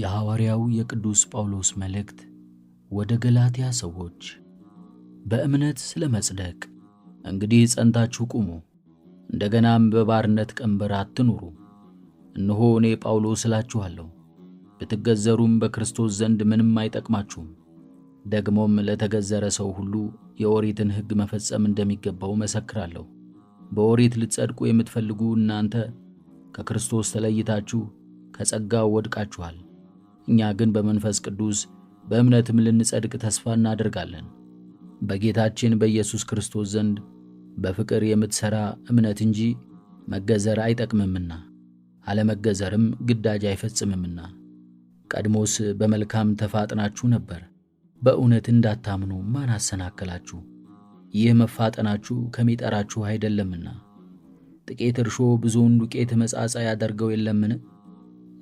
የሐዋርያው የቅዱስ ጳውሎስ መልእክት ወደ ገላትያ ሰዎች። በእምነት ስለ መጽደቅ እንግዲህ ጸንታችሁ ቁሙ፣ እንደገናም በባርነት ቀንበር አትኑሩ። እነሆ እኔ ጳውሎስ እላችኋለሁ፣ ብትገዘሩም በክርስቶስ ዘንድ ምንም አይጠቅማችሁም። ደግሞም ለተገዘረ ሰው ሁሉ የኦሪትን ሕግ መፈጸም እንደሚገባው መሰክራለሁ። በኦሪት ልትጸድቁ የምትፈልጉ እናንተ ከክርስቶስ ተለይታችሁ ከጸጋው ወድቃችኋል። እኛ ግን በመንፈስ ቅዱስ በእምነትም ልንጸድቅ ተስፋ እናደርጋለን። በጌታችን በኢየሱስ ክርስቶስ ዘንድ በፍቅር የምትሠራ እምነት እንጂ መገዘር አይጠቅምምና አለመገዘርም ግዳጅ አይፈጽምምና። ቀድሞስ በመልካም ተፋጥናችሁ ነበር፣ በእውነት እንዳታምኑ ማን አሰናከላችሁ? ይህ መፋጠናችሁ ከሚጠራችሁ አይደለምና። ጥቂት እርሾ ብዙውን ዱቄት መጻጻ ያደርገው የለምን?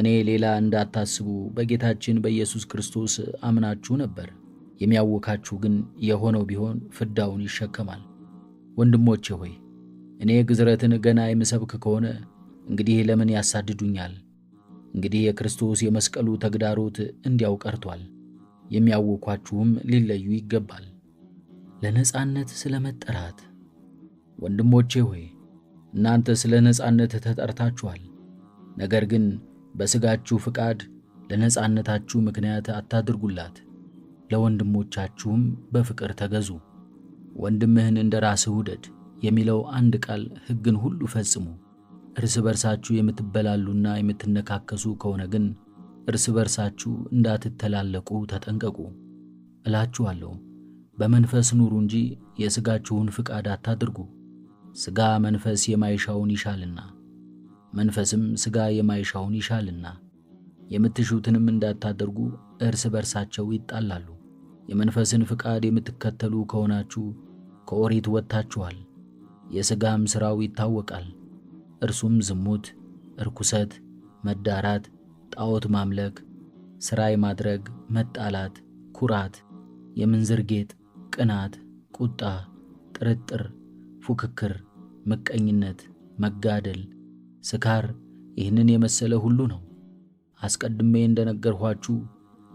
እኔ ሌላ እንዳታስቡ በጌታችን በኢየሱስ ክርስቶስ አምናችሁ ነበር። የሚያውካችሁ ግን የሆነው ቢሆን ፍዳውን ይሸከማል። ወንድሞቼ ሆይ እኔ ግዝረትን ገና የምሰብክ ከሆነ እንግዲህ ለምን ያሳድዱኛል? እንግዲህ የክርስቶስ የመስቀሉ ተግዳሮት እንዲያው ቀርቷል። የሚያውኳችሁም ሊለዩ ይገባል። ለነጻነት ስለ መጠራት ወንድሞቼ ሆይ እናንተ ስለ ነጻነት ተጠርታችኋል። ነገር ግን በሥጋችሁ ፍቃድ ለነፃነታችሁ ምክንያት አታድርጉላት፣ ለወንድሞቻችሁም በፍቅር ተገዙ። ወንድምህን እንደ ራስህ ውደድ የሚለው አንድ ቃል ሕግን ሁሉ ፈጽሙ። እርስ በርሳችሁ የምትበላሉና የምትነካከሱ ከሆነ ግን እርስ በርሳችሁ እንዳትተላለቁ ተጠንቀቁ። እላችኋለሁ በመንፈስ ኑሩ እንጂ የሥጋችሁን ፍቃድ አታድርጉ። ሥጋ መንፈስ የማይሻውን ይሻልና መንፈስም ሥጋ የማይሻውን ይሻልና የምትሹትንም እንዳታደርጉ እርስ በርሳቸው ይጣላሉ። የመንፈስን ፍቃድ የምትከተሉ ከሆናችሁ ከኦሪት ወጥታችኋል። የሥጋም ሥራው ይታወቃል፤ እርሱም ዝሙት፣ እርኩሰት፣ መዳራት፣ ጣዖት ማምለክ፣ ሥራይ ማድረግ መጣላት፣ ኩራት፣ የምንዝር ጌጥ፣ ቅናት፣ ቁጣ፣ ጥርጥር፣ ፉክክር፣ ምቀኝነት፣ መጋደል፣ ስካር ይህንን የመሰለ ሁሉ ነው። አስቀድሜ እንደነገርኋችሁ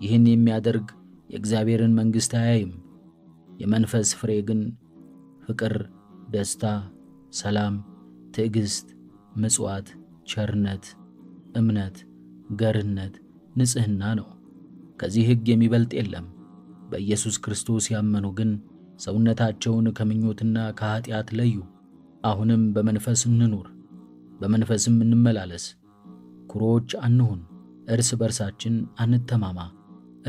ይህን የሚያደርግ የእግዚአብሔርን መንግሥት አያይም። የመንፈስ ፍሬ ግን ፍቅር፣ ደስታ፣ ሰላም፣ ትዕግሥት፣ ምጽዋት፣ ቸርነት፣ እምነት፣ ገርነት፣ ንጽሕና ነው። ከዚህ ሕግ የሚበልጥ የለም። በኢየሱስ ክርስቶስ ያመኑ ግን ሰውነታቸውን ከምኞትና ከኀጢአት ለዩ። አሁንም በመንፈስ እንኑር። በመንፈስም እንመላለስ። ኩሮዎች አንሁን፣ እርስ በርሳችን አንተማማ፣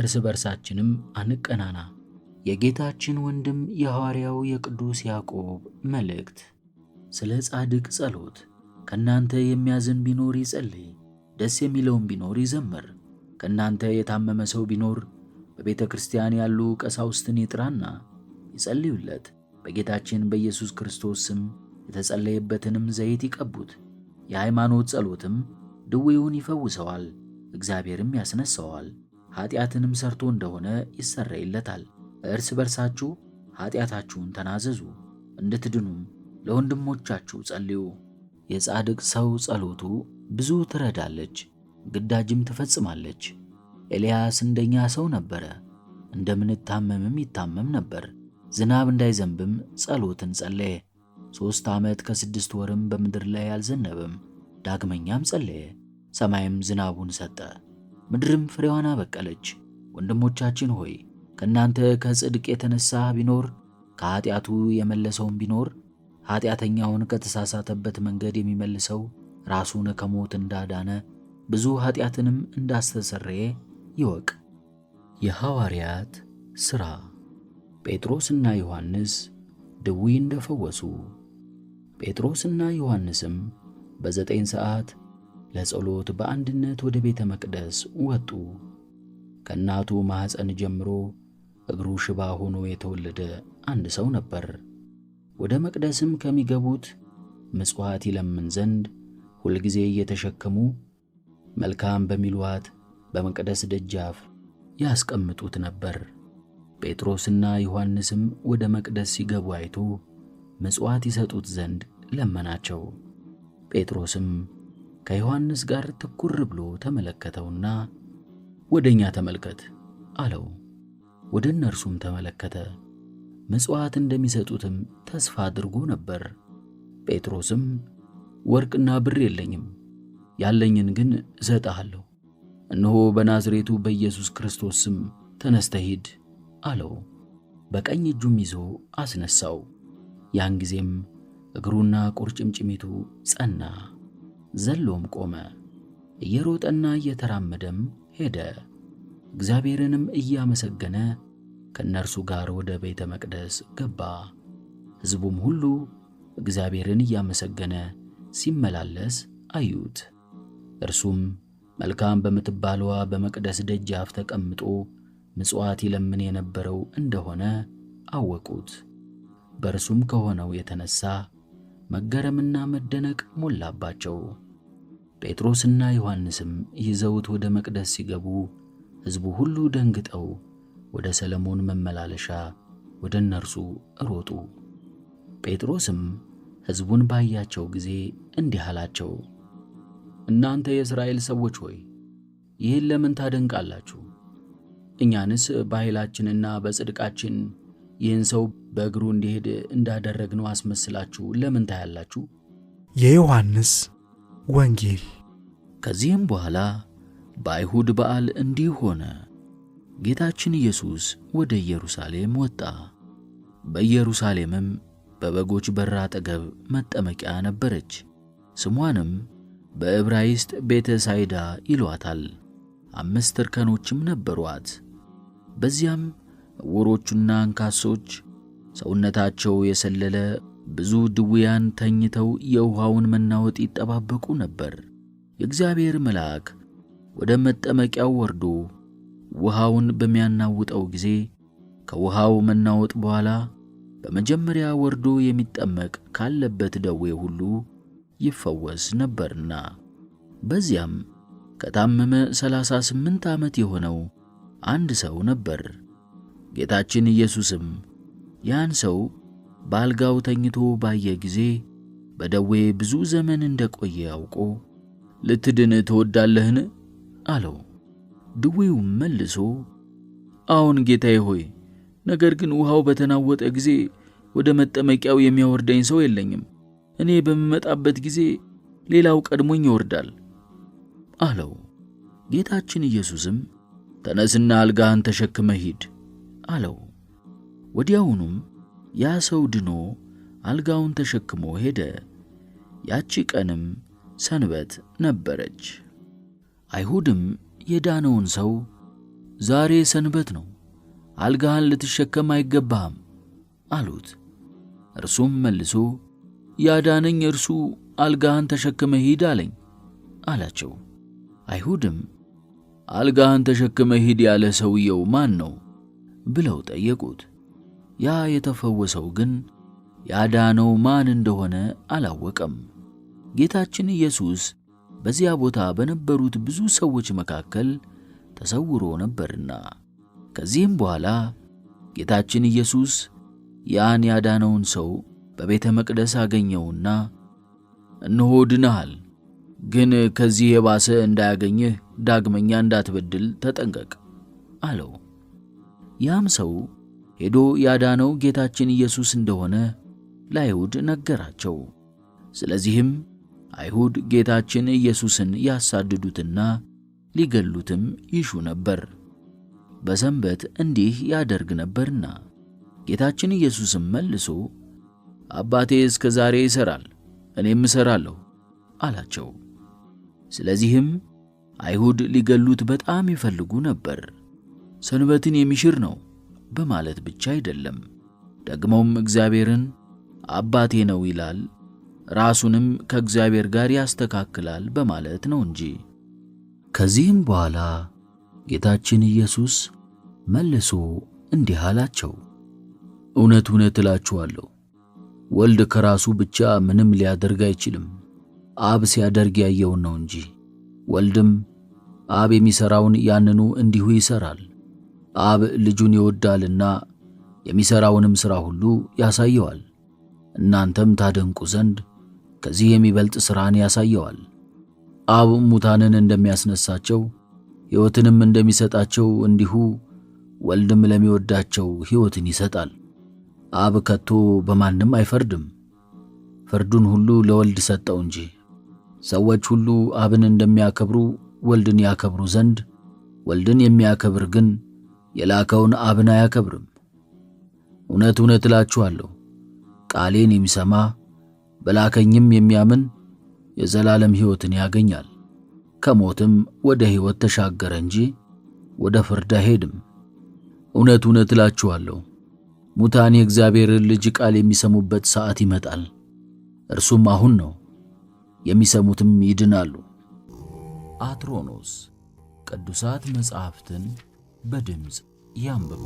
እርስ በርሳችንም አንቀናና። የጌታችን ወንድም የሐዋርያው የቅዱስ ያዕቆብ መልእክት። ስለ ጻድቅ ጸሎት። ከእናንተ የሚያዝን ቢኖር ይጸልይ፣ ደስ የሚለውም ቢኖር ይዘምር። ከእናንተ የታመመ ሰው ቢኖር በቤተ ክርስቲያን ያሉ ቀሳውስትን ይጥራና ይጸልዩለት፣ በጌታችን በኢየሱስ ክርስቶስ ስም የተጸለየበትንም ዘይት ይቀቡት። የሃይማኖት ጸሎትም ድዌውን ይፈውሰዋል፣ እግዚአብሔርም ያስነሳዋል። ኃጢአትንም ሰርቶ እንደሆነ ይሰረይለታል። እርስ በርሳችሁ ኃጢአታችሁን ተናዘዙ፣ እንድትድኑም ለወንድሞቻችሁ ጸልዩ። የጻድቅ ሰው ጸሎቱ ብዙ ትረዳለች፣ ግዳጅም ትፈጽማለች። ኤልያስ እንደኛ ሰው ነበረ፣ እንደምንታመምም ይታመም ነበር። ዝናብ እንዳይዘንብም ጸሎትን ጸለየ። ሦስት ዓመት ከስድስት ወርም በምድር ላይ አልዘነበም። ዳግመኛም ጸለየ፣ ሰማይም ዝናቡን ሰጠ፣ ምድርም ፍሬዋን አበቀለች። ወንድሞቻችን ሆይ ከእናንተ ከጽድቅ የተነሳ ቢኖር ከኀጢአቱ የመለሰውም ቢኖር ኀጢአተኛውን ከተሳሳተበት መንገድ የሚመልሰው ራሱን ከሞት እንዳዳነ ብዙ ኀጢአትንም እንዳስተሰረየ ይወቅ። የሐዋርያት ሥራ ጴጥሮስና ዮሐንስ ድዊ እንደፈወሱ ጴጥሮስና ዮሐንስም በዘጠኝ ሰዓት ለጸሎት በአንድነት ወደ ቤተ መቅደስ ወጡ። ከእናቱ ማኅፀን ጀምሮ እግሩ ሽባ ሆኖ የተወለደ አንድ ሰው ነበር። ወደ መቅደስም ከሚገቡት ምጽዋት ይለምን ዘንድ ሁልጊዜ እየተሸከሙ መልካም በሚሏት በመቅደስ ደጃፍ ያስቀምጡት ነበር። ጴጥሮስና ዮሐንስም ወደ መቅደስ ሲገቡ አይቶ ምጽዋት ይሰጡት ዘንድ ለመናቸው። ጴጥሮስም ከዮሐንስ ጋር ትኩር ብሎ ተመለከተውና ወደ እኛ ተመልከት አለው። ወደ እነርሱም ተመለከተ፣ ምጽዋት እንደሚሰጡትም ተስፋ አድርጎ ነበር። ጴጥሮስም ወርቅና ብር የለኝም፣ ያለኝን ግን እሰጥሃለሁ። እነሆ በናዝሬቱ በኢየሱስ ክርስቶስ ስም ተነስተ ሂድ አለው። በቀኝ እጁም ይዞ አስነሳው። ያን ጊዜም እግሩና ቁርጭምጭሚቱ ጸና። ዘሎም ቆመ። እየሮጠና እየተራመደም ሄደ። እግዚአብሔርንም እያመሰገነ ከእነርሱ ጋር ወደ ቤተ መቅደስ ገባ። ሕዝቡም ሁሉ እግዚአብሔርን እያመሰገነ ሲመላለስ አዩት። እርሱም መልካም በምትባለዋ በመቅደስ ደጃፍ ተቀምጦ ምጽዋት ይለምን የነበረው እንደሆነ አወቁት። በእርሱም ከሆነው የተነሳ መገረምና መደነቅ ሞላባቸው። ጴጥሮስና ዮሐንስም ይዘውት ወደ መቅደስ ሲገቡ ሕዝቡ ሁሉ ደንግጠው ወደ ሰለሞን መመላለሻ ወደ እነርሱ ሮጡ። ጴጥሮስም ሕዝቡን ባያቸው ጊዜ እንዲህ አላቸው፣ እናንተ የእስራኤል ሰዎች ሆይ ይህን ለምን ታደንቃላችሁ? እኛንስ በኃይላችንና በጽድቃችን ይህን ሰው በእግሩ እንዲሄድ እንዳደረግነው አስመስላችሁ ለምን ታያላችሁ? የዮሐንስ ወንጌል። ከዚህም በኋላ በአይሁድ በዓል እንዲህ ሆነ። ጌታችን ኢየሱስ ወደ ኢየሩሳሌም ወጣ። በኢየሩሳሌምም በበጎች በር አጠገብ መጠመቂያ ነበረች። ስሟንም በዕብራይስጥ ቤተ ሳይዳ ይሏታል። አምስት እርከኖችም ነበሯት። በዚያም ዕውሮቹና አንካሶች ሰውነታቸው የሰለለ ብዙ ድውያን ተኝተው የውሃውን መናወጥ ይጠባበቁ ነበር። የእግዚአብሔር መልአክ ወደ መጠመቂያው ወርዶ ውሃውን በሚያናውጠው ጊዜ ከውሃው መናወጥ በኋላ በመጀመሪያ ወርዶ የሚጠመቅ ካለበት ደዌ ሁሉ ይፈወስ ነበርና በዚያም ከታመመ 38 ዓመት የሆነው አንድ ሰው ነበር። ጌታችን ኢየሱስም ያን ሰው በአልጋው ተኝቶ ባየ ጊዜ በደዌ ብዙ ዘመን እንደቆየ አውቆ ልትድን ትወዳለህን? አለው። ድዌውም መልሶ አዎን ጌታዬ ሆይ፣ ነገር ግን ውሃው በተናወጠ ጊዜ ወደ መጠመቂያው የሚያወርደኝ ሰው የለኝም። እኔ በምመጣበት ጊዜ ሌላው ቀድሞኝ ይወርዳል አለው። ጌታችን ኢየሱስም ተነስና አልጋህን ተሸክመ ሂድ አለው። ወዲያውኑም ያ ሰው ድኖ አልጋውን ተሸክሞ ሄደ። ያቺ ቀንም ሰንበት ነበረች። አይሁድም የዳነውን ሰው ዛሬ ሰንበት ነው፣ አልጋህን ልትሸከም አይገባህም አሉት። እርሱም መልሶ ያዳነኝ እርሱ አልጋህን ተሸክመ ሂድ አለኝ አላቸው። አይሁድም አልጋህን ተሸክመ ሂድ ያለ ሰውየው ማን ነው ብለው ጠየቁት። ያ የተፈወሰው ግን ያዳነው ማን እንደሆነ አላወቀም። ጌታችን ኢየሱስ በዚያ ቦታ በነበሩት ብዙ ሰዎች መካከል ተሰውሮ ነበርና። ከዚህም በኋላ ጌታችን ኢየሱስ ያን ያዳነውን ሰው በቤተ መቅደስ አገኘውና፣ እነሆ ድነሃል ግን ከዚህ የባሰ እንዳያገኝህ ዳግመኛ እንዳትበድል ተጠንቀቅ አለው። ያም ሰው ሄዶ ያዳነው ጌታችን ኢየሱስ እንደሆነ ለአይሁድ ነገራቸው። ስለዚህም አይሁድ ጌታችን ኢየሱስን ያሳድዱትና ሊገሉትም ይሹ ነበር፣ በሰንበት እንዲህ ያደርግ ነበርና። ጌታችን ኢየሱስም መልሶ አባቴ እስከ ዛሬ ይሠራል፣ እኔም እሠራለሁ አላቸው። ስለዚህም አይሁድ ሊገሉት በጣም ይፈልጉ ነበር። ሰንበትን የሚሽር ነው በማለት ብቻ አይደለም፣ ደግሞም እግዚአብሔርን አባቴ ነው ይላል፣ ራሱንም ከእግዚአብሔር ጋር ያስተካክላል በማለት ነው እንጂ። ከዚህም በኋላ ጌታችን ኢየሱስ መልሶ እንዲህ አላቸው፣ እውነት እውነት እላችኋለሁ ወልድ ከራሱ ብቻ ምንም ሊያደርግ አይችልም አብ ሲያደርግ ያየውን ነው እንጂ ወልድም አብ የሚሠራውን ያንኑ እንዲሁ ይሠራል። አብ ልጁን ይወዳልና የሚሠራውንም ሥራ ሁሉ ያሳየዋል። እናንተም ታደንቁ ዘንድ ከዚህ የሚበልጥ ሥራን ያሳየዋል። አብ ሙታንን እንደሚያስነሳቸው ሕይወትንም እንደሚሰጣቸው እንዲሁ ወልድም ለሚወዳቸው ሕይወትን ይሰጣል። አብ ከቶ በማንም አይፈርድም፣ ፍርዱን ሁሉ ለወልድ ሰጠው እንጂ ሰዎች ሁሉ አብን እንደሚያከብሩ ወልድን ያከብሩ ዘንድ ወልድን የሚያከብር ግን የላከውን አብን አያከብርም። እውነት እውነት እላችኋለሁ ቃሌን የሚሰማ በላከኝም የሚያምን የዘላለም ሕይወትን ያገኛል፣ ከሞትም ወደ ሕይወት ተሻገረ እንጂ ወደ ፍርድ አይሄድም። እውነት እውነት እላችኋለሁ ሙታን የእግዚአብሔርን ልጅ ቃል የሚሰሙበት ሰዓት ይመጣል፣ እርሱም አሁን ነው። የሚሰሙትም ይድናሉ። አትሮኖስ ቅዱሳት መጻሕፍትን በድምፅ ያንብቡ።